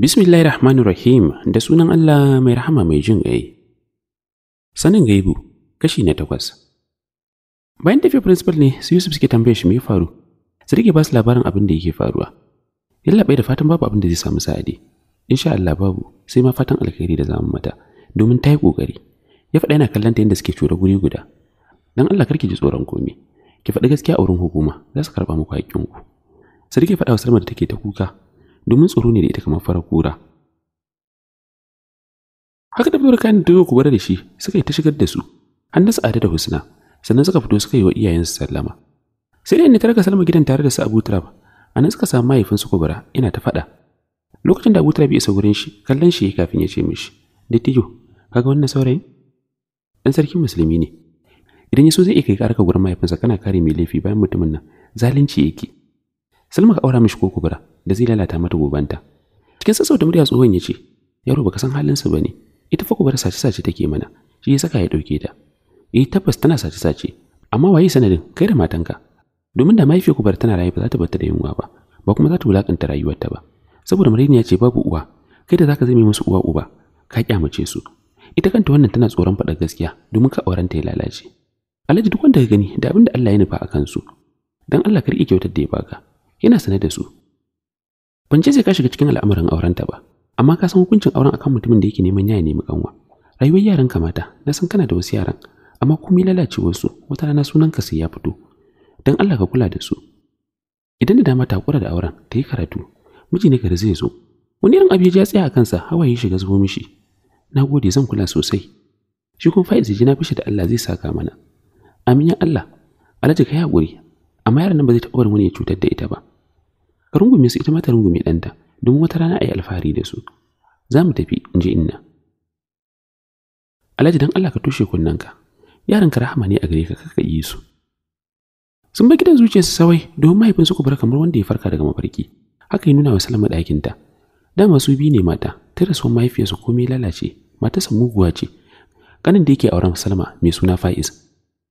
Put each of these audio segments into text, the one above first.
Bismillahirrahmanirrahim da sunan Allah mai rahama mai jin ƙai. Sanin gaibu kashi na takwas. Bayan tafiya principal ne su Yusuf suke tambaye shi mai faru. Su rike ba su labarin abin da yake faruwa. bai da fatan babu abin da zai samu sa'adi. Insha Allah babu sai ma fatan alkhairi da zamu mata domin ta yi ƙoƙari. Ya faɗa yana kallon ta yadda suke cura guri guda. dan Allah karki ji tsoron komai ki faɗi gaskiya a wurin hukuma za su karɓa muku haƙƙinku sadiki faɗa wa Salma da take ta kuka domin tsoro ne da ita kamar farar kura haka da fitar kayan da ku bar da shi suka yi ta shigar da su hannu ada da husna sannan suka fito suka yi wa iyayensu sallama sai dai ne tarka salma gidan tare da su abu turab a suka samu mahaifin su kubura ina ta faɗa lokacin da abu turab ya isa gurin shi kallon shi kafin ya ce mishi dattijo kaga wannan saurayin dan sarkin musulmi ne idan ya so zai iya kai karaka gurin mahaifinsa kana kare mai laifi bayan mutumin nan zalunci yake salma ka aura mishi ko kubura da zai lalata mata gobanta cikin sassauta murya tsohon ya ce yaro baka san halin halinsa ba ne ita fa kubura sace sace take mana shi ya saka ya dauke ta eh tabbas tana sace sace amma waye sanadin kai da matanka domin da mahaifiyar kubura tana rayuwa ba za ta bata da yunwa ba ba kuma za ta wulakanta rayuwarta ba saboda ya ce babu uwa kai da zaka zame musu uwa uba ka kyamace su ita kanta wannan tana tsoron faɗa gaskiya domin ka aurenta ya lalace alhaji duk wanda ka gani da abin da Allah ya nufa a kansu dan Allah ka rike kyautar da ya baka yana sanar da su ban ce sai ka shiga cikin al'amuran aurenta ba amma ka san hukuncin auren akan mutumin da yake neman yaya nemi kanwa rayuwar yaran kamata na san kana da wasu yaran amma komai lalacewar su wata rana sunan ka sai ya fito dan Allah ka kula da su idan da dama ta kura da auren ta yi karatu miji ne gari zai zo wani irin abu ya tsaya a kansa hawaye shiga zubo mishi na gode zan kula sosai shi kuma fa'id ji na fishi da Allah zai saka mana amin ya Allah alhaji ya hakuri amma yaran nan ba zai taɓa barin wani ya cutar da ita ba ka rungume su ita ma ta rungume danta domin wata rana a yi alfahari da su za mu tafi in ji inna alhaji dan Allah ka tushe kunnanka yaran ka rahama ne a gare ka kaka yi su sun bar gidan zuciyarsu sawai domin mahaifinsu kubura kamar wanda ya farka daga mafarki haka ya nuna wa salama ɗakinta dama su biyu ne mata ta rasuwar mahaifiyarsu komai lalace matarsa muguwa ce kanin da yake auren salama mai suna faiz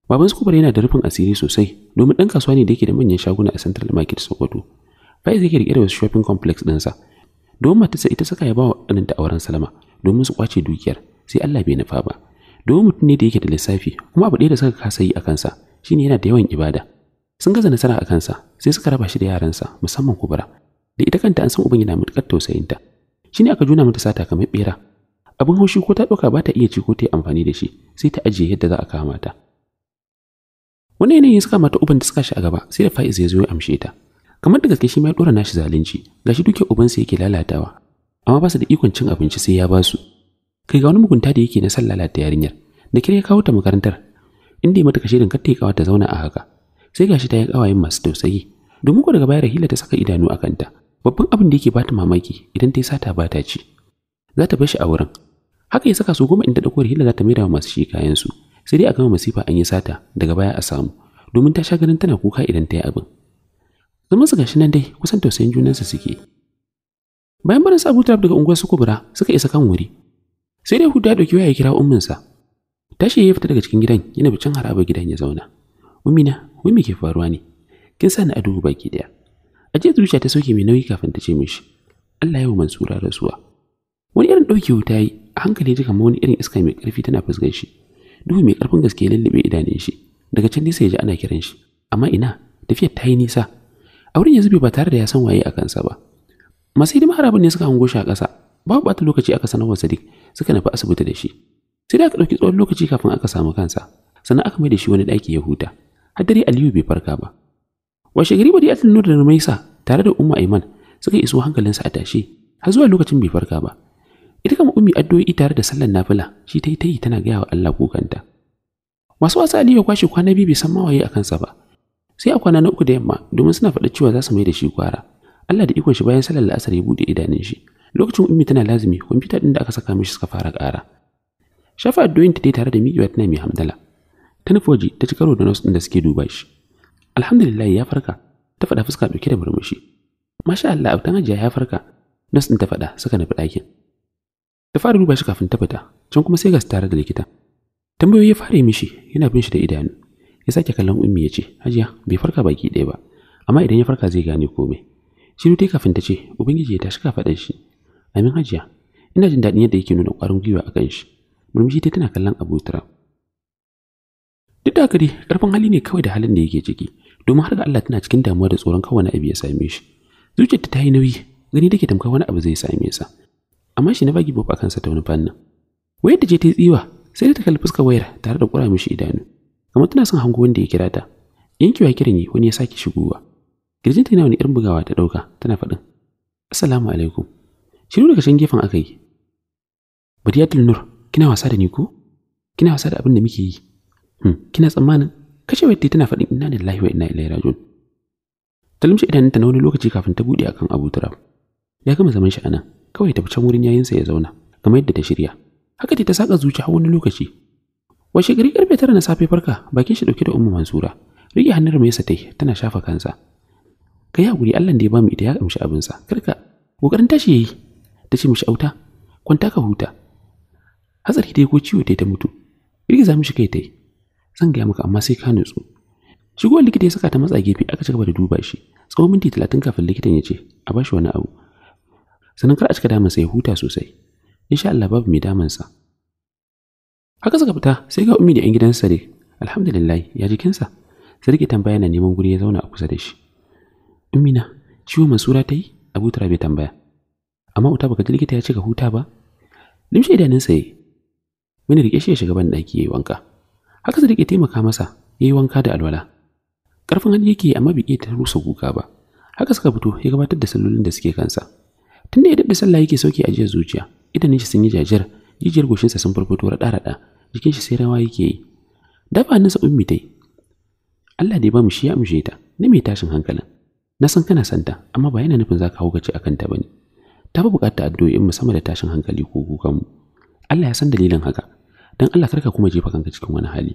Baban Skubar yana da rufin asiri sosai domin ɗan kasuwa ne da yake da manyan shaguna a Central Market Sokoto. Faiz yake riƙe da wasu shopping complex ɗinsa. Domin matarsa ita saka ya ba wa ɗaninta auren Salama domin su kwace dukiyar sai Allah bai nufa ba. Domin mutum ne da yake da lissafi kuma abu ɗaya da suka kasa yi a kansa shine yana da yawan ibada. Sun gaza nasara a kansa sai suka raba shi da yaransa musamman Kubura. Da ita kanta an san uban yana matuƙar tausayinta. Shine aka juna mata sata kamar bera. Abin haushi ko ta ɗauka ba ta iya ci ko ta yi amfani da shi sai ta ajiye yadda za a kama ta. wani yanayin suka mata uban da suka shi a gaba sai da fa'iz ya zo ya amshe ta kamar da gaske shi ma ya dora nashi zalunci gashi duke ubansa yake lalatawa amma ba su da ikon cin abinci sai ya ba su kai ga wani mugunta da yake na san lalata yarinyar da kire kawo ta makarantar inda ya mata kashe din katta kawa ta zauna a haka sai gashi ta yi kawayen masu tausayi domin ko daga baya Rahila ta saka idanu a kanta babban abin da yake bata mamaki idan ta yi sata ba ta ci za ta bar shi a wurin haka ya saka su goma inda dauko hila za ta maida wa masu shi kayan su sai dai a gama masifa an yi sata daga baya a samu domin ta sha ganin tana kuka idan ta yi abin zaman su gashi nan dai kusan tausayin junansa suke bayan barin sa abuta daga unguwar su kubura suka isa kan wuri sai dai hudu ya ɗauki waya ya kira umminsa tashi ya fita daga cikin gidan yana bicin haraba gidan ya zauna ummina wai me ke faruwa ne kin sa ni a duhu baki daya a zuciya ta soke mai nauyi kafin ta ce mishi Allah ya wa mansura rasuwa wani irin ɗauke wuta yi a hankali ji kamar wani irin iska mai ƙarfi tana fusgar shi duhu mai karfin gaske ya lullube idanun shi daga can nesa ya ji ana kiran shi amma ina tafiyar ta yi nisa auren ya zube ba tare da ya san waye a kansa ba masu hidima harabin ne suka hango shi a ƙasa babu bata lokaci aka sanar wa sadiq suka nufi asibiti da shi sai da aka ɗauki tsawon lokaci kafin aka samu kansa sannan aka mai da shi wani ɗaki ya huta har dare aliyu bai farka ba washe gari bari atin da rumaisa tare da umma aiman suka iso hankalinsa a tashe har zuwa lokacin bai farka ba ita kama ummi addu'o'i tare da sallar nafila shi ta yi ta yi tana gaya wa Allah kukanta masu wasa ya kwashe kwana biyu bai san mawaye a kansa ba sai a kwana na uku da yamma domin suna faɗa cewa za su mai da shi kwara Allah da ikon shi bayan sallar la'asar ya buɗe idanun shi lokacin ummi tana lazumi kwamfuta ɗin da aka saka mishi suka fara ƙara shafa addu'o'in ta tare da miƙewa tana mai hamdala ta nufoji ta ci karo da nasu da suke duba shi alhamdulillah ya farka ta faɗa fuska ɗauke da murmushi masha Allah hajiya ya farka nasu ta faɗa suka nufi ɗakin ta fara duba shi kafin ta fita can kuma sai ga tare da likita tambayoyi ya fara mishi yana bin shi da idanu ya sake kallon ummi ya ce hajiya bai farka baki ɗaya ba amma idan ya farka zai gane komai shiru tai kafin ta ce ubangiji ya tashi kafaɗan shi amin hajiya ina jin daɗin yadda yake nuna ƙwarin gwiwa a kan shi murmushi ta tana kallon abu tara duk da haka dai ƙarfin hali ne kawai da halin da yake ciki domin har ga Allah tana cikin damuwa da tsoron kawai wani abu ya same shi zuciyarta ta yi nauyi gani take tamkar wani abu zai same sa amma shi na bagi gibo a kansa ta wani fannin wayar da je ta yi tsiwa sai ta kalli fuskar wayar tare da kura mishi idanu kamar tana son hango wanda ya kira ta yankewa kiran yi wani ya sake shigowa girjinta yana wani irin bugawa ta dauka tana faɗin assalamu alaikum shiru daga can gefen aka yi badiyatul nur kina wasa da ni ko kina wasa da abin da muke yi hmm kina tsammanin kashe wayar tana faɗin inna lillahi wa inna ilaihi rajiun ta lumshe idanunta na wani lokaci kafin ta buɗe akan abu turab ya gama zaman shi anan kawai ta can wurin yayinsa ya zauna kamar yadda ta shirya haka ta saka zuci har wani lokaci washe gari karfe tara na safe farka bakin shi dauke da ummu mansura rike hannun mai sa tai tana shafa kansa ka yi hakuri Allah da ya bamu ita ya kamshi abinsa karka kokarin tashi yayi ta ce mishi auta kwanta ka huta hatsari dai ko ciwo tai ta mutu mu shi kai tai zan gaya maka amma sai ka nutsu shigo likita ya saka ta matsa gefe aka ci gaba da duba shi tsawon minti talatin kafin likitan ya ce a bashi wani abu sannan kar a cika damansa ya huta sosai sha Allah babu mai damansa haka suka fita sai ga ummi da yan gidansa ne. alhamdulillah ya jikinsa sarki tambaya na neman guri ya zauna a kusa da shi ummi na ciwo masura ta yi abu tara bai tambaya amma uta baka ji likita ya cika huta ba limshe idanunsa ya yi mini rike shi ya shiga ban ɗaki ya yi wanka haka su rike taimaka masa ya yi wanka da alwala ƙarfin hannu yake amma bai iya ta rusa guga ba haka suka fito ya gabatar da sallolin da suke kansa tunda ya daɗa sallah yake sauki a jiya zuciya idanun shi sun yi jajir jijiyar goshinsa sun farfato raɗa-raɗa jikin shi sai rawa yake yi dafa sa ummi tai Allah da ba mu shi ya amshe ta na mai tashin hankalin na san kana santa amma ba yana nufin za ka haukace a kanta ba ne ta fi bukata addu'o'in in sama da tashin hankali ko mu Allah ya san dalilin haka dan Allah karka kuma jefa kanka cikin wani hali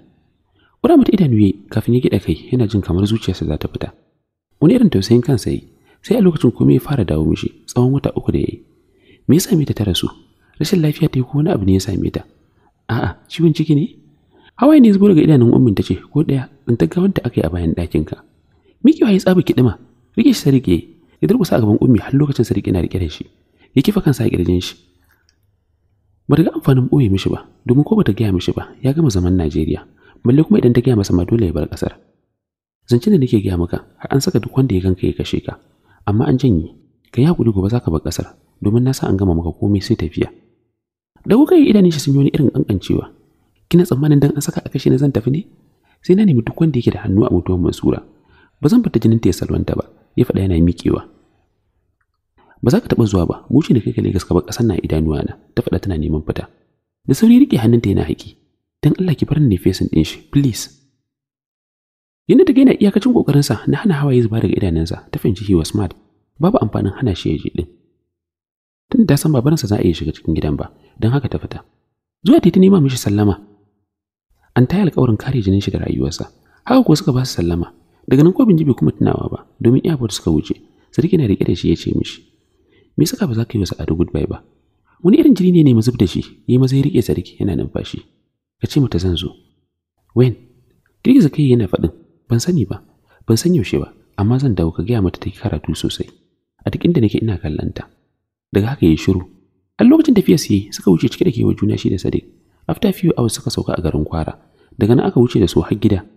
kura mata idanu yayi kafin ya gida kai yana jin kamar zuciyarsa za ta fita wani irin tausayin kansa yayi sai a lokacin komai ya fara dawo mishi tsawon wata uku da ya yi me ya same ta ta rasu rashin lafiya ta yi ko wani abu ne ya same ta a'a ciwon ciki ne hawaye ne zubo daga idanun ummin ta ce ko daya in ta wanda aka yi a bayan ɗakin ka miki ya ki dima rike shi sarike ya durkusa a gaban ummi har lokacin sarike na rike da shi ya kifa kansa a kirjin shi ba ta ga amfanin ɓoye mishi ba domin ko ba ta gaya mishi ba ya gama zaman najeriya balle kuma idan ta gaya masa ma dole ya bar ƙasar zancen da nake gaya maka har an saka duk wanda ya ganka ya kashe ka amma an janye ka yi hakuri gobe za ka bar kasar domin na sa an gama maka komai sai tafiya kuka yi idanun shi sun yi wani irin kankancewa kina tsammanin dan an saka a kashe na zan tafi ne sai na nemi duk wanda yake da hannu a mutuwar Mansura ba zan fita jinin ta ya salwanta ba ya faɗa yana miƙewa ba za ka taɓa zuwa ba bushe da kai ka Legas ka bar ƙasar na idanuwa na ta faɗa tana neman fita da sauri rike hannunta yana haƙi dan Allah ki bar ni fesin ɗin shi please Yana ta gaina iyakacin kokarinsa na hana hawaye zuba daga idanunsa ta fahimci he was smart. Babu amfanin hana shi ya je din. Tun da san babaransa za a iya shiga cikin gidan ba, don haka ta fita. Zuwa ne ma mishi sallama. An taya alƙawarin kare jinin shi da rayuwarsa. Haka ko suka ba su sallama. Daga nan ko bin jibi kuma tunawa ba, domin airport suka wuce. Sarki na riƙe da shi ya ce mishi. Me saka ba za ka yi wa Sa'adu goodbye ba? Wani irin jini ne ne zub da shi, yi maza ya riƙe sarki yana numfashi. Ka ce mata zan zo. Wen, girgiza kai yana faɗin, ban sani ba ban san yaushe ba amma zan dawo ka gaya mata ta karatu sosai a duk inda nake ina kallanta daga haka yi shiru a lokacin tafiya su suka wuce cike da kewa juna shi da sadiq after few hours suka sauka a garin kwara daga nan aka wuce da su har gida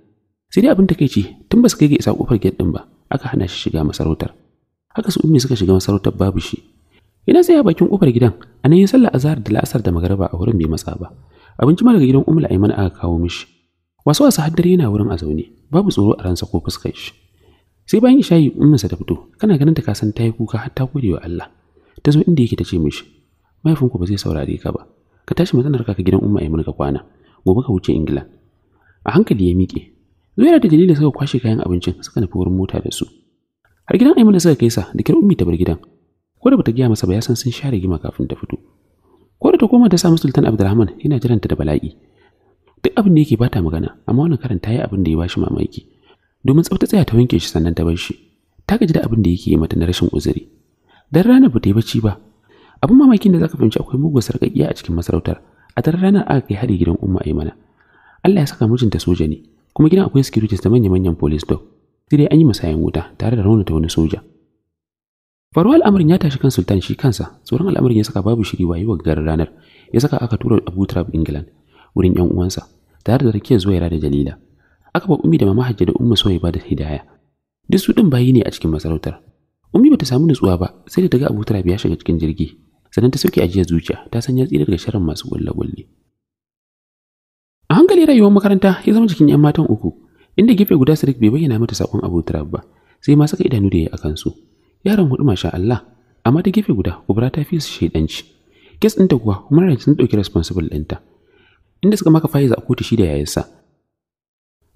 sai dai abin takeici tun ba su kai ga isa kofar gate din ba aka hana shi shiga masarautar haka su ummi suka shiga masarautar babu shi ina sai a bakin kofar gidan a nan yin sallah azhar da la'asar da magaraba a wurin bai matsa ba abinci ma daga gidan ummul aiman aka kawo mishi wasu wasu haddare yana wurin a zaune babu tsoro a ransa ko fuskar shi sai bayan ishayi umminsa ta fito kana ganin ta ka san ta yi kuka har ta gode wa Allah ta zo inda yake ta ce mishi mahaifinku ba zai saurare ka ba ka tashi maganar ka gidan umma Aiman ka kwana gobe ka wuce Ingila a hankali ya miƙe zuwa da Jalila suka kwashe kayan abincin suka nufi wurin mota da su har gidan Aiman suka kai sa da kira ummi ta bar gidan ko da bata gaya masa ba ya san sun share gima kafin ta fito ko da ta koma ta samu Sultan Abdulrahman yana jiranta da bala'i duk abin da yake bata magana amma wannan karin ta yi abin da ya bashi mamaki domin tsafta tsaya ta wanke shi sannan ta bar shi ta gaji da abin da yake yi mata na rashin uzuri dan rana ba ta yi bacci ba abin mamakin da zaka fahimci akwai mugun sarƙaƙiya a cikin masarautar a dan ranar aka kai hari gidan umma mana. Allah ya saka mijinta soja ne kuma gidan akwai security da manya-manyan police dog sai dai an yi musayan wuta tare da raunata wani soja faruwa al'amarin ya tashi kan sultan shi kansa tsoron al'amarin ya saka babu shiri wa garin ranar ya saka aka tura abu trap england wurin ‘yan uwansa tare da zuwa yara da jalila aka ba ummi da mama hajji da ummu soyayya ba da hidaya duk su ɗin bayi ne a cikin masarautar ummi bata samu nutsuwa ba sai da ta ga abu turabi ya shiga cikin jirgi sannan ta sauke ajiyar zuciya ta sanya tsira daga sharan masu gulle-gulle a hankali rayuwar makaranta ya zama cikin ‘yan matan uku inda gefe guda sadik bai bayyana mata sakon abu turab ba sai ma saka idanu da ya akan su yaron hudu masha Allah amma ta gefe guda kubra ta fi su shaidanci kes ɗinta kuwa kuma sun ɗauki responsible ɗinta inda suka maka faiza a kotu shi da yayinsa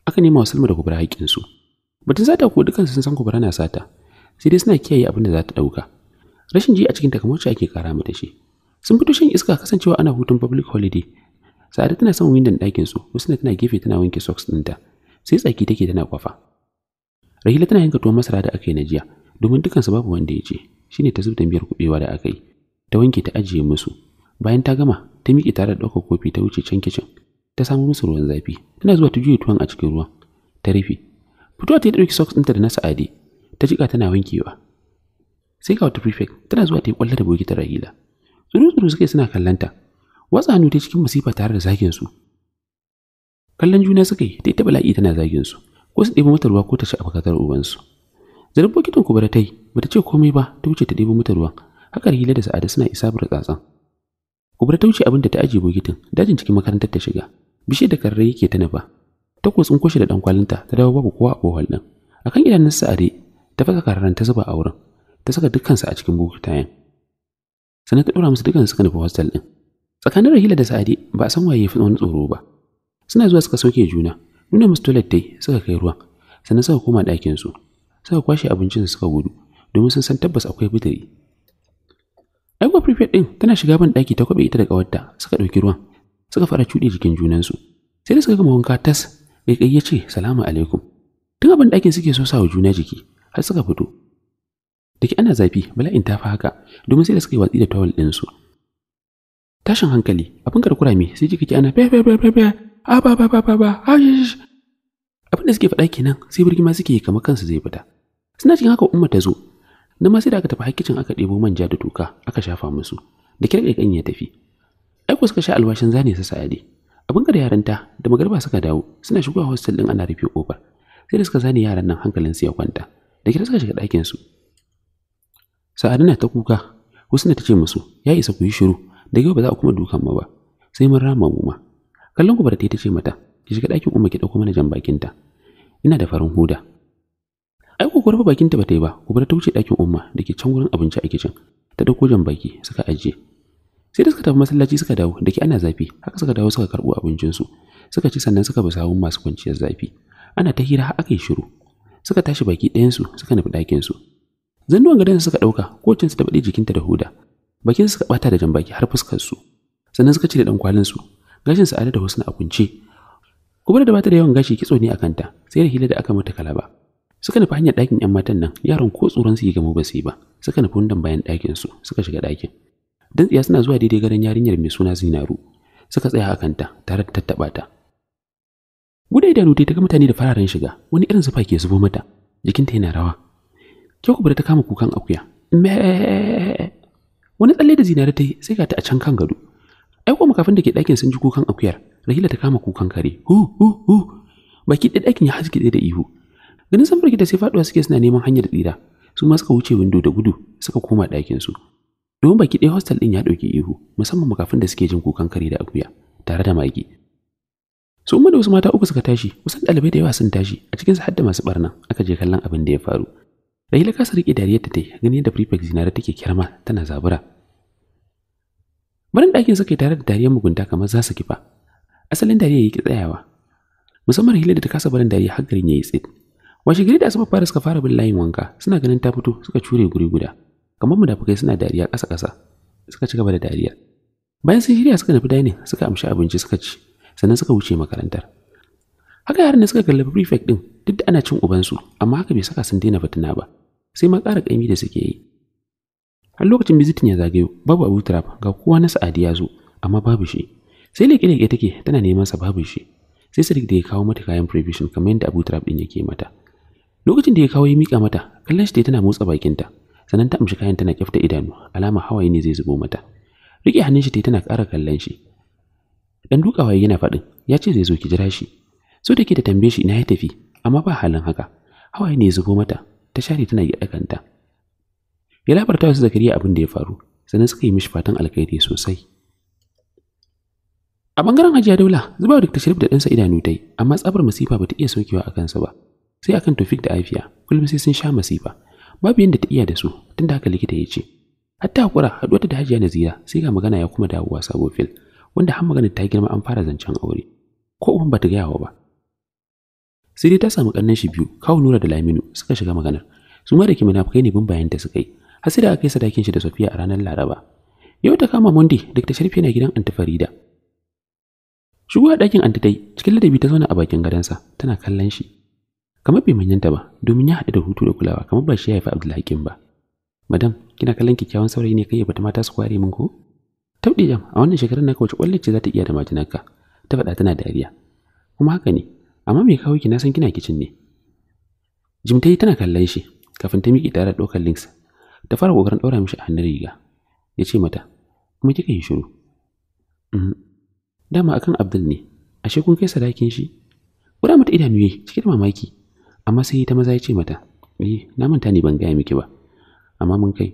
aka nema wa Salma da Kubra haƙƙinsu batun sata ko dukansu sun san kubura na sata sai dai suna kiyaye abin da za ta ɗauka rashin ji a cikin takamaici ake kara mata shi sun fito shan iska kasancewa ana hutun public holiday sa'ada tana son windon ɗakin su tana gefe tana wanke socks ɗinta sai tsaki take tana kwafa rahila tana yanka tuwon masara da aka yi na jiya domin dukansu babu wanda ya ce shine ta zubta biyar kuɓewa da aka yi ta wanke ta ajiye musu bayan ta gama ta miƙe tare da ɗaukar kofi ta wuce can kicin ta samo musu ruwan zafi tana zuwa ta juye tuwon a cikin ruwan ta rufe fitowa ta yi ɗauki socks ɗinta da na sa'adi ta jiƙa tana wankewa sai ga wata prefect tana zuwa ta yi ƙwallo da ta rahila tsuru-tsuru suke suna kallanta watsa hannu ta cikin masifa tare da zagin su kallon juna suka yi ta yi ta bala'i tana zagin su ko su ɗebo mata ruwa ko ta ci abakatar ubansu zarar bokitin kubara ta yi bata ce komai ba ta wuce ta ɗebo mata ruwan haka hila da sa'ada suna isa tsatsan Kubra ta wuce abin da ta ajiye bokitin, dajin cikin makarantar ta shiga. Bishiyar da karre yake ta nufa. Ta kutsun da dan kwalinta ta dawo babu kowa a bohol din. Akan idanun sa'ade ta fasa karren ta zuba a wurin. Ta saka sa a cikin bokitayen. Sannan ta dora musu dukkan suka kana hostel din. Tsakanin Rahila da Sa'ade ba a san waye ya fi wani tsoro ba. Suna zuwa suka soke juna. Nuna musu toilet dai suka kai ruwan. Sannan suka koma su Suka kwashe abincin suka gudu. domin sun san tabbas akwai bidiri aiwa kuwa prefect din tana shiga ban daki ta kwaɓe ita da kawarta suka ɗauki ruwan suka fara cuɗe jikin junansu sai da suka gama wanka tas kai ya ce salamu alaikum tun abin ɗakin suke so sawa juna jiki har suka fito da ke ana zafi bala'in ta fa haka domin sai da suka yi watsi da tawul su tashin hankali abin karkura me sai jiki ana pe pe pe pe pe a ba ba ba ba ba abin da suke faɗa kenan sai birgima suke yi kamar kansu zai fita suna cikin haka umma ta zo na ma sai da aka tafi hakicin aka ɗebo manja da tuka aka shafa musu da kyar ƙaiƙan ya tafi aiko suka sha alwashin zane su sa'adi abin da yaranta da magarba suka dawo suna shigowa hostel din ana rufe kofar sai da suka zane yaran nan hankalin su ya kwanta da kira suka shiga ɗakin su sa'adi na ta kuka husna ta ce musu ya isa ku yi shiru da yau ba za a kuma dukan mu ba sai mun rama mu ma kallon ku barta ta ce mata ki shiga ɗakin umma ki ɗauko mana jan bakinta ina da farin huda ai ko rufe bakinta ba ta yi ba gobe ta wuce ɗakin umma da ke can gurin abinci a kicin ta ɗauko jan baki suka ajiye sai da suka tafi masallaci suka dawo da ke ana zafi haka suka dawo suka karɓo abincinsu suka ci sannan suka bi sawun masu kwanciyar zafi ana ta hira har aka yi shiru suka tashi baki ɗayansu suka nufi ɗakinsu zannuwan gadon suka ɗauka su ta baɗi jikinta da huda bakin suka ɓata da jan baki har fuskarsu sannan suka cire ɗan su gashin sa'ada da husna a kunce kuma da bata da yawan gashi kitso ne a sai da hila da aka mata kalaba suka nufi hanyar ɗakin 'yan matan nan yaron ko tsoron su yi gamo ba su yi ba suka nufi wundan bayan ɗakin su suka shiga ɗakin dantsiya suna zuwa daidai gadon yarinyar mai suna zinaru suka tsaya a kanta tare da tattaɓa ta gudai da nutai ta ga mutane da fararen shiga wani irin zufa ke zubo mata jikinta yana rawa kyau da ta kama kukan akuya Me wani tsalle da zinari ta yi sai ga ta a can kan gado ai kuma kafin da ke ɗakin sun ji kukan akuyar rahila ta kama kukan kare hu hu hu baki ɗaya ɗakin ya haske da ihu ganin sun da sai faduwa suke suna neman hanyar tsira su ma suka wuce windo da gudu suka koma ɗakin su domin baki ɗaya hostel ɗin ya ɗauki ihu musamman makafin da suke jin kukan kare da akuya tare da magi su umma da wasu mata uku suka tashi kusan ɗalibai da yawa sun tashi a cikin su hadda masu barna aka je kallon abin da ya faru rahila kasa riƙe dariyar ta tai ganin yadda prefect zinare take kirma tana zabura barin ɗakin suka tare da dariyar mugunta kamar za su kifa asalin dariya yake tsayawa musamman rahila da ta kasa barin dariyar har garin ya tsit Washe gari da asuba fara suka fara bin layin wanka, suna ganin ta fito suka cure guri guda. Kamar mudafukai suna dariya ƙasa-ƙasa, suka ci gaba da dariya. Bayan sun shirya suka nufi dining, suka amshi abinci suka ci, sannan suka wuce makarantar. Haka yaran da suka kallabi prefect din, duk da ana cin ubansu, amma haka bai saka sun daina fitina ba. Sai ma ƙara ƙaimi da suke yi. Har lokacin bizitin ya zagayo, babu Abu trap ga kowa na Sa'adi ya zo, amma babu shi. Sai leƙe-leƙe take tana neman sa babu shi. Sai Sadiq da ya kawo mata kayan provision kamar yadda Abu trap din yake mata. lokacin da ya kawo ya mika mata kallon shi tana motsa bakinta sannan ta amshi kayan tana kyafta idanu alama hawaye ne zai zubo mata rike hannun shi tana ƙara kallon shi dan dukawa yana faɗin ya ce zai zo ki jira shi so take ta tambaye shi ina ya tafi amma ba halin haka hawaye ne zubo mata ta share tana gyaɗa kanta ya labarta wasu zakariya abin da ya faru sannan suka yi mishi fatan alkhairi sosai a bangaren hajiya daula zubawa duk ta da ɗansa idanu ta yi amma tsabar masifa ba ta iya saukewa a kansa ba sai akan Tofik da Afiya kullum sai sun sha masifa babu yanda ta iya da su tun da haka likita ya ce hatta hakura haduwa da Hajiya Nazira sai ga magana ya kuma dawowa sabo fil wanda har magana ta girma an fara zancen aure ko uban bata gaya ba sai dai ta samu kannan shi biyu kawo Nura da Laminu suka shiga maganar su ma da ke munafukai ne bin bayan ta suka yi har sai da aka yi sadakin shi da Sofiya a ranar Laraba yau ta kama mundi ta Sharif na gidan Anta Farida shigowa ɗakin Anta dai cikin ladabi ta zauna a bakin sa tana kallon shi kamar bai manyanta ba domin ya haɗu da hutu da kulawa kamar ba shi ya haifi Abdulhakim ba madam kina kallon kyakkyawan saurayi ne kai ya ta mata su kware min ko tauɗi jam a wannan shekarar naka wace kwallar ce za ta iya da ka ta faɗa tana dariya kuma haka ne amma mai kawo ki na san kina kicin ne jim ta yi tana kallon shi kafin ta miƙe tare da ɗaukar links ta fara ƙoƙarin ɗaura mishi a hannun riga ya ce mata kuma kika yi shiru mm, dama akan abdul ne ashe kun kai sadakin shi ƙura mata idanu yayi cike da mamaki amma sai ta maza ya ce mata eh na manta ne ban gaya miki ba amma mun kai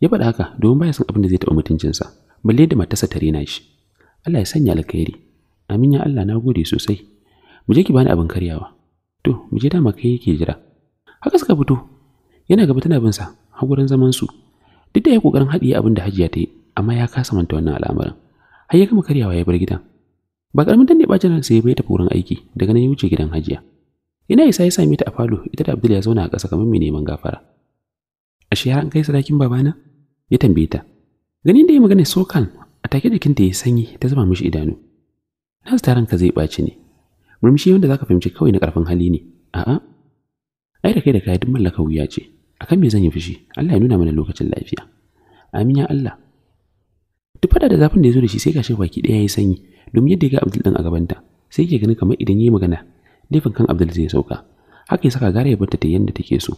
ya faɗa haka domin baya san abin da zai taɓa mutuncinsa balle da matarsa ta rena shi Allah ya sanya alkhairi amin ya Allah na gode sosai mu je ki bani abin karyawa to mu je dama kai yake jira haka suka fito yana gaba tana bin sa har gurin zaman su duk da ya kokarin haɗiye abin da hajiya ta yi amma ya kasa manta wannan al'amarin har ya gama karyawa ya bar gidan ba karamin danne ɓacin ransa ya bai ta wurin aiki daga nan ya wuce gidan hajiya ina isa ya same ta a falo ita da Abdul ya zauna a ƙasa kamar mai neman gafara ashe har an kai sadakin babana ya tambaye ta ganin da ya magana sokan a take jikinta ya sanyi ta zama mishi idanu su taron ka zai ɓaci ne murmushi wanda zaka fahimci kawai na ƙarfin hali ne a'a ai da kai da kai duk mallaka wuya ce akan me zan yi fushi Allah ya nuna mana lokacin lafiya amin ya Allah duk fada da zafin da ya zo da shi sai gashi baki ɗaya ya sanyi domin yadda ya ga Abdul ɗan a gabanta sai yake ganin kamar idan ya yi magana laifin kan Abdul zai sauka haka ya saka gare ya barta ta yanda take so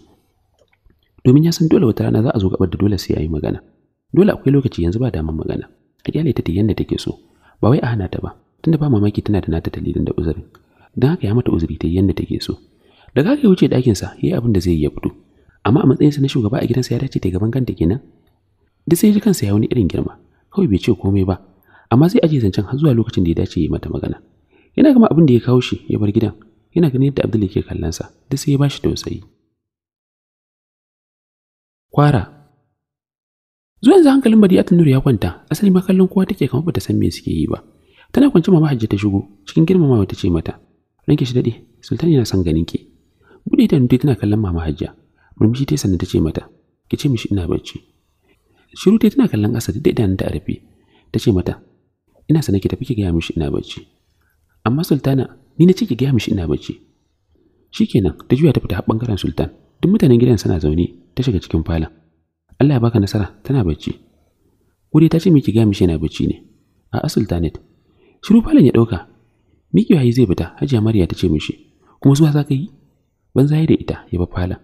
domin ya san dole wata rana za a zo gabar da dole sai yayi magana dole akwai lokaci yanzu ba daman magana a kyale ta ta yanda take so ba wai a hana ta ba tunda ba mamaki tana da nata dalilin da uzurin don haka ya mata uzuri ta yanda take so daga haka ya wuce dakin sa yayi abin da zai yi ya fito amma a matsayinsa na shugaba a gidansa ya dace ta gaban kanta kenan duk sai ji kansa ya wani irin girma kawai bai ce komai ba amma sai aje zancen har zuwa lokacin da ya dace ya mata magana yana gama abin da ya kawo shi ya bar gidan yana ganin yadda Abdul kallon sa duk sai ya bashi tausayi. Kwara zuwa yanzu hankalin Badiyatu Nuru ya kwanta, asali ma kallon kowa take kamar bata san me suke yi ba. Tana kwance mama Hajji ta shigo, cikin girmamawa ta ce mata, "Ranke shi dade, Sultan yana son ganin ki." Bude ta nuti tana kallon mama Hajja. Murmushi ta sanna ta ce mata, "Ki ce mishi ina bacci." Shiru ta tana kallon Asad da idanunta ta rufe. Ta ce mata, "Ina sana tafi ki ga mishi ina bacci." Amma Sultana ni na ce ki gaya mishi ina bacci shikenan ta juya ta fita har bangaren sultan duk mutanen gidan suna zaune ta shiga cikin falon Allah ya baka nasara tana bacci wuri ta ce miki gaya mishi yana bacci ne a asultanet shiru falon ya ɗauka. miki yayi zai fita hajiya mariya ta ce mishi kuma zuwa za ka yi ban zai da ita ya ba falon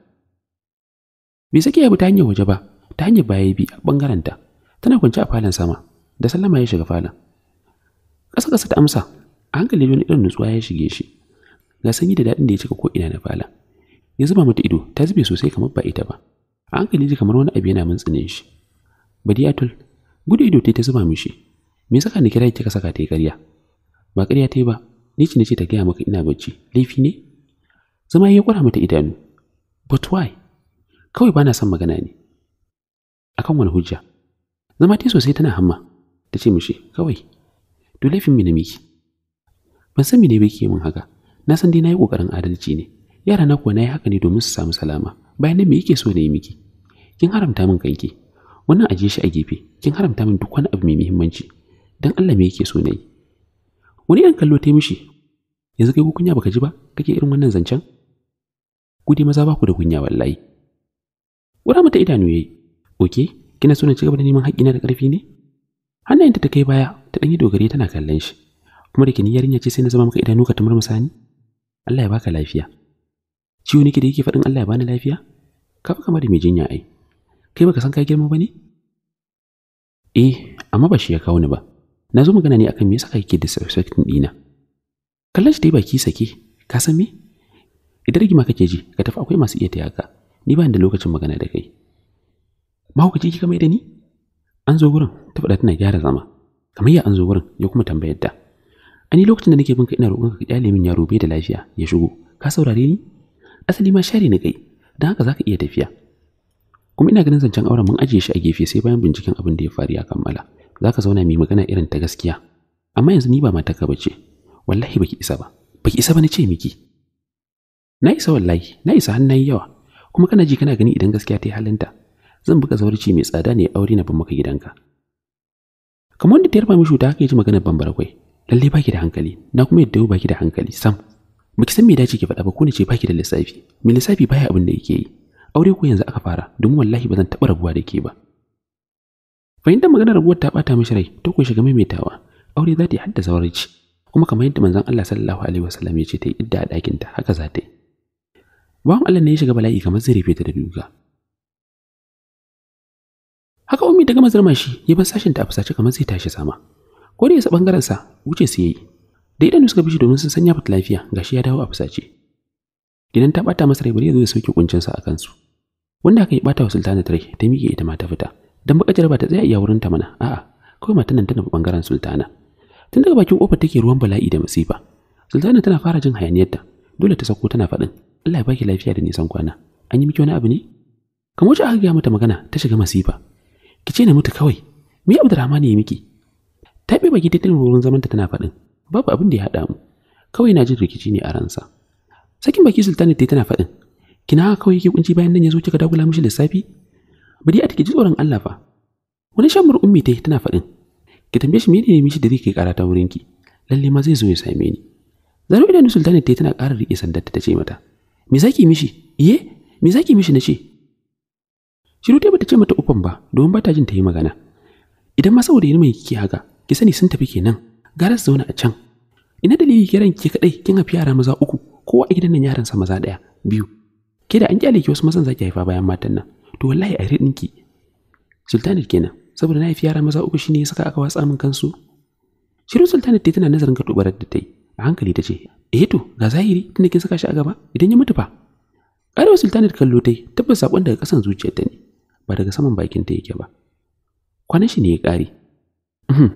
bai sake ya bi ta hanyar waje ba ta hanyar baya bi a bangaren ta tana kwance a falon sama da sallama ya shiga falon ƙasa ƙasa ta amsa a hankali wani irin nutsuwa ya shige shi ga sanyi da daɗin da ya cika ko ina na fala. ya zuba mata ido ta zube sosai kamar ba ita ba a hankali ji kamar wani abu yana mintsine shi badiyatul gudu ido ta zuba mishi me saka ni kira kika saka ta yi ƙarya ba ƙarya ta yi ba ni ce ce ta gaya maka ina bacci laifi ne zama ya kura mata idanu but why kawai bana son magana ne akan wani hujja zama ta sosai tana hamma ta ce mishi kawai to laifin mi na miki ban san mene ke mun haka na san dai nayi kokarin adalci ne yara na kuwa na haka ne domin su samu salama bayan nan me yake so na miki kin haramta min kanki wannan ajiye shi a gefe kin haramta min duk wani abu mai muhimmanci dan Allah me yake so na yi wani irin kallo ta mishi yanzu kai kunya baka ji ba kake irin wannan zancen ku dai maza ba ku da kunya wallahi wura mata idanu yayi oke kina so na ci gaba da neman haƙƙina da ƙarfi ne hannayenta ta kai baya ta ɗanyi dogare tana kallon shi kuma da ni yarinya ce sai na zama maka idanu ka tumar musani Allah ya baka lafiya ciwo nake da yake faɗin Allah ya bani lafiya ka fa kama mai jinya ai kai baka san ka girma bane eh amma ba shi ya kawo ni ba na zo magana ne akan me yasa kake disrespecting dina kallon shi dai baki sake ka san me idan rigima kake ji ka tafi akwai masu iya taya ka ni ba da lokacin magana da kai mahaukaci kika mai da ni an zo gurin ta faɗa tana gyara zama kamar ya an zo gurin ya kuma tambayar da Ani lokacin da nake bin ka ina roƙonka ka kyale min yaro bai da lafiya ya shigo ka saurare ni asali ma share ni kai dan haka zaka iya tafiya kuma ina ganin zancen auren mun ajiye shi a gefe sai bayan binciken abin da ya faru ya kammala zaka zauna mai magana irin ta gaskiya amma yanzu ni ba ka bace wallahi baki isa ba baki isa ba ce miki na isa wallahi na isa har nayi yawa kuma kana ji kana gani idan gaskiya ta yi halinta zan buga zawarci mai tsada ne aure na bin maka gidanka kamar wanda ta yarfa mishi da haka ya ji maganar bambara kwai lalle baki da hankali na kuma yadda baki da hankali sam baki san me dace ki faɗa ba ko ne ce baki da lissafi me lissafi baya abin da yake yi aure ko yanzu aka fara domin wallahi bazan zan taɓa rabuwa da ke ba fahimta maganar rabuwar ta ɓata mishi rai ta ko shiga maimaitawa aure za ta yi haddasa warci kuma kamar yadda manzon Allah sallallahu alaihi wasallam ya ce ta yi idda a ɗakinta, ta haka za ta yi bawan Allah ne ya shiga bala'i kamar zai rufe ta da duka haka ummi ta gama zirma shi ya bar sashin ta a fusace kamar zai tashi sama ko da yasa bangaren sa wuce su yayi da idanu suka bi shi domin sun san ya lafiya gashi ya dawo a fusace idan ta bata masa rai bari ya zo ya soke kuncin sa akan su wanda aka yi bata wa sultana rai ta miƙe ita ma ta fita dan baka ba ta tsaya iya wurin ta mana a'a kawai matan nan tana bangaren sultana tun daga bakin kofar take ruwan bala'i da masifa sultana tana fara jin hayaniyarta dole ta sako tana faɗin Allah ya baki lafiya da nisan kwana an yi miki wani abu ne kamar wacce aka gaya mata magana ta shiga masifa ki ce na mutu kawai me Abdurrahman ya miki ta ɓe baki ta wurin zamanta tana faɗin babu abin da ya haɗa mu kawai na jin rikici ne a ransa sakin baki sultani ta tana faɗin kina haka kawai yake kunci bayan nan ya zo kika dagula mishi lissafi bari a take ji tsoron Allah fa wani shamur ummi ta tana faɗin ki tambaye shi menene mishi da zai kai karata wurin ki lalle ma zai zo ya same ni zaro idanun sultani ta tana ƙara rike sandar ta ce mata me zaki mishi iye me zaki mishi na ce shiru ta bata ce mata ufan ba domin ta jin ta yi magana idan ma saboda yin mai kike haka ki sani sun tafi kenan garas zauna a can ina dalili kiran ki kadai kin hafi yara maza uku kowa a gidan nan yaran sa maza daya biyu ke da an kyale ki wasu mazan zaki haifa bayan matan nan to wallahi a ridin ki sultanin kenan saboda na haifi yara maza uku shine saka aka watsa min kansu shirin sultanit tana nazarin ka tubarar da tai a hankali ta ce eh to ga zahiri tunda kin saka shi a gaba idan ya mutu fa arewa sultanin kallo tai tabbas sakon daga kasan zuciyarta ne ba daga saman bakin ta yake ba Kwana shi ne ya kare uhm.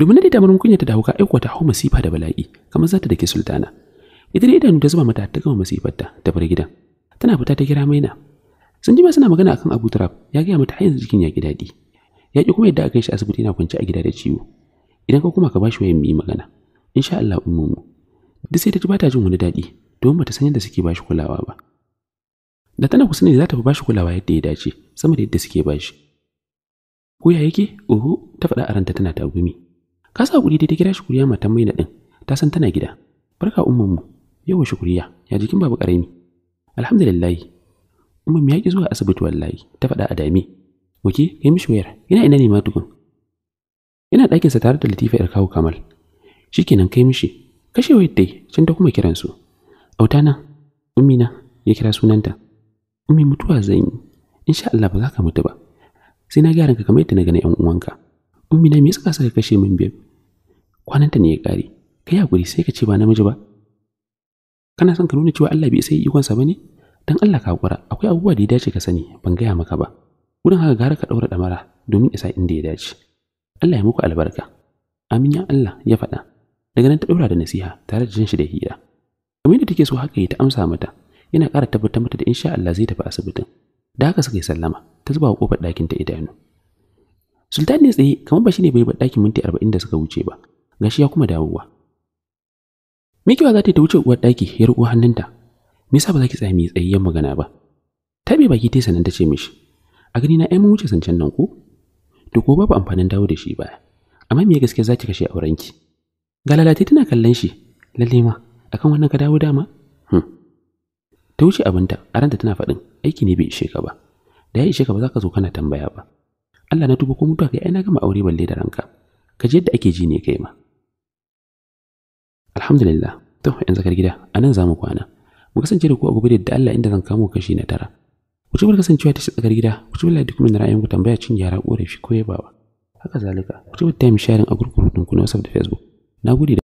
domin da damarin kunya ta dawo ka aiko ta hau masifa da bala'i kamar zata ta dake sultana ita da idanu ta zuba mata ta gama masifarta ta bar gidan tana fita ta kira na. sun jima suna magana akan abu turab ya gaya mata har cikin jikin ya ki daɗi ya ki kuma yadda aka yi shi asibiti na kwance a gida da ciwo idan ka kuma ka bashi wayan mu magana insha Allah ummu duk sai ta ji bata jin wani daɗi domin bata san yadda suke bashi kulawa ba da tana kusa ne za ta fi bashi kulawa yadda ya dace sama da yadda suke bashi. Ko ya yake? Oho, ta faɗa a ranta tana tagumi. ka sa kuɗi ta kira shukuriya matan maina ɗin ta san tana gida barka mu yawa shukuriya ya jikin babu ƙarami alhamdulillahi umman ya ki zuwa asibiti wallahi ta faɗa a dami. muke kai mishi wayar yana ina ne ma tukun yana ɗakinsa tare da latifa yar kawo kamal kenan kai mishi kashe wayar dai can ta kuma kiransu na ummina ya kira sunanta ummi mutuwa zan yi insha Allah ba za ka mutu ba sai na gyara ka kamar yadda na gani yan uwanka ummi na me yasa ka kashe min babe kwananta ne ya kare kai hakuri sai ka ce ba namiji ba kana son ka nuna cewa Allah bai sai ikonsa bane dan Allah ka hakura akwai abubuwa da ya dace ka sani ban gaya maka ba wurin haka gara ka daura damara domin isa inda ya dace Allah ya muku albarka amin ya Allah ya faɗa daga nan ta daura da nasiha tare da jin shi da hira kamar yadda take so haka ya ta amsa mata yana ƙara tabbatar mata da insha Allah zai tafi asibitin da haka suka yi sallama ta zuba wa ƙofar ɗakin ta idanu Sultan ne tsaye kamar ba shi ne bai bar ɗakin minti arba'in da suka wuce ba, gashi ya kuma dawowa. Mikiwa za ta yi ta wuce uwar ɗaki ya riƙo hannunta, me yasa ba za ki tsaya mai tsayayyen magana ba? Ta bai baki tai sanan ta ce mishi, a gani na ai mun wuce zancen nan ko? To ko babu amfanin dawo da shi baya, amma me gaskiya za ki kashe aurenki? Ga lalatai tana kallon shi, lalle ma, akan wannan ka dawo dama? Hmm. Ta wuce abinta, a ranta tana faɗin, aiki ne bai ishe ka ba. Da ya ishe ka ba za ka zo kana tambaya ba. Allah na tuba ko mutuwa kai ai na gama aure balle da ranka ka ji yadda ake ji ne kai ma alhamdulillah to yan zakar gida anan zamu kwana mu kasance da ku a gobe da Allah inda zan kamo kashi na tara ku ci barka kasancewa ta tsakar gida ku ci bala duk mun ra'ayin ku tambaya cin yara korafi ko yabawa haka zalika ku ci taya mi sharing a gurgurun ku na WhatsApp da Facebook nagode